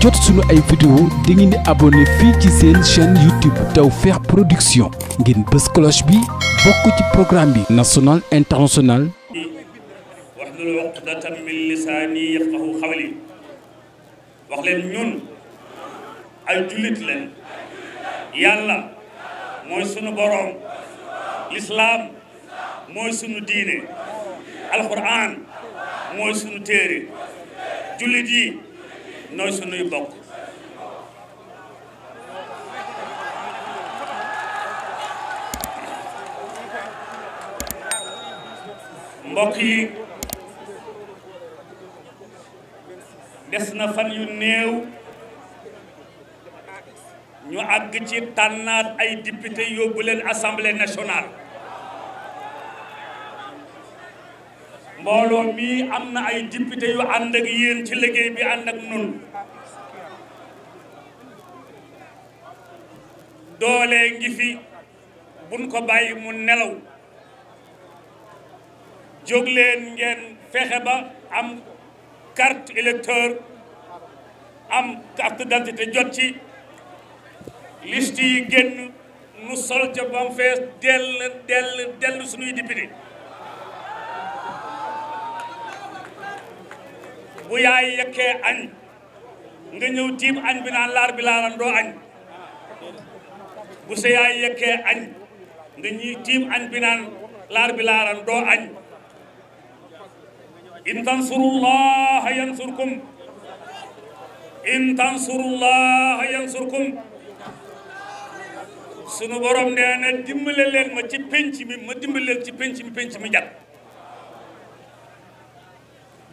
jot suñu ay vidéo da ngeen di fii ci seen chaîne YouTube Tawfekh Production ngeen bës cloche bi bokk ci programme bi national international wahlul uqdatan wax leen ñun ay jullit leen yàlla mooy sunu boroom lislaam mooy sunu diine alquran mooy sunu téere jullit yi nooy sunuy bokk mbokk yi des na fan yu néew ñu àgg ci tànnaat ay député yóbbu leen assemblée nationale mbooloo mii am na ay député yu ànd ak yéen ci liggéey bi ànd ak nun doolee ngi fi buñ ko bàyyi mu nelaw jóg leen ngeen fexe ba am carte électeur am carte d'identité jot ci liste yi génn nu sol ca bam fees dell dell dell suñuy député bu yaay yekkee añ nga ñëw tiim añ bi laar bi laaran doo añ bu sa yaay yekkee añ nga ñii tiim añ bi naan laar bi laaran doo añ in tansurullah yansurkum in tansurullah yansurkum sunu borom nee na dimbale leen ma ci penc mi ma dimbale ci penc mi penc mi jàpp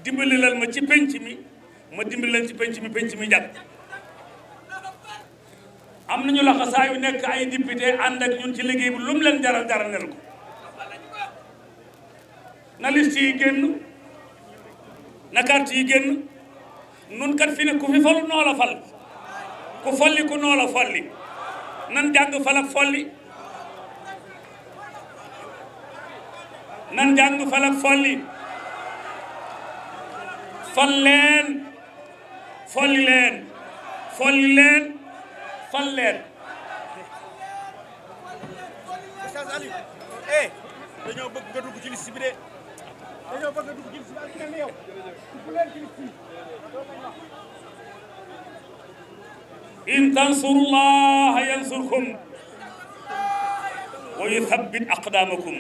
dimbali leen ma ci penc mi ma dimbali leen ci penc mi penc mi jàpp am nañu ñu saa yu nekk ay député ànd ak ñun ci liggéey bi lu mu leen jaral jaral nel ko na liste yi génn na carte yi génn nun kat fi ne ku fi falu noo la fal ku folli ku noo folli nan jàng fal ak folli nan jàng fal ak folli fal leen foli leen foli leen fal leen Oustaz Aliou eh dañoo bëgg nga dugg ci liste bi de dañoo bëgg nga dugg ci liste bi ak kenn yow dugg leen ci liste bi in tansurullaha yansurkum wa yuthabbit aqdamakum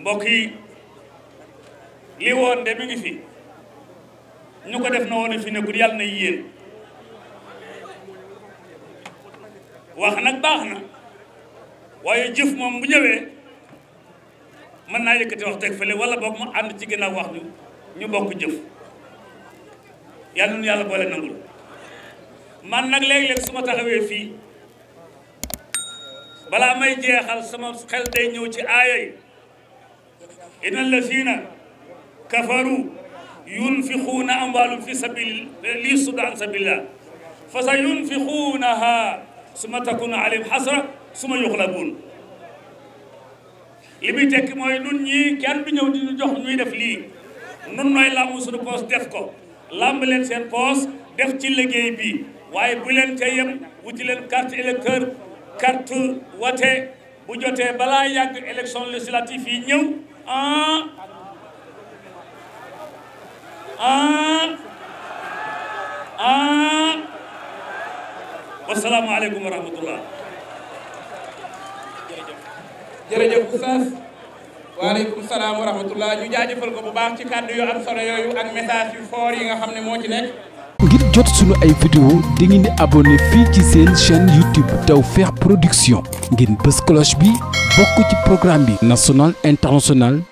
mbokk yi li woon de mi ngi fi ñu ko def na woon fi nekkul yàlla na yéen wax nag baax na waaye jëf moom bu ñëwee mën naa yëkkati wax teg fële wala boog mu ànd ci ginnaaw wax ñu ñu bokk jëf yàlla nu yàlla boole nangul man nag léeg-léeg su taxawee fii balaa may jeexal sama xel day ñëw ci aaya yi inna lazina kafaru yunfiquuna amwaalum fi sabil li yasuddu an sabilillah fa sa yunfiquunaha summa takunu alayhim hasra summa yuxlabuun li muy tekki mooy nun ñi kenn du ñëw di ñu jox ñuy def lii nun nooy làmb suñu poos def ko làmb leen seen poos def ci liggéey bi waaye bu leen ca yem wuti leen carte électeur carte wote bu jotee balaa yàgg élection législative yi ñëw ah ah ah wasalaamualeykum wa rahmatullah jërëjëf Oustaz waaleykum salaam wa ñu jaajëfal ko bu baax ci kàddu yu am solo yooyu ak message yu fort yi nga xam ne moo ci nekk ngir jot suñu ay vidéo da ngeen di fii ci seen chaîne YouTube Tawfekh Production ngeen bës cloche bi bokk ci programme bi national international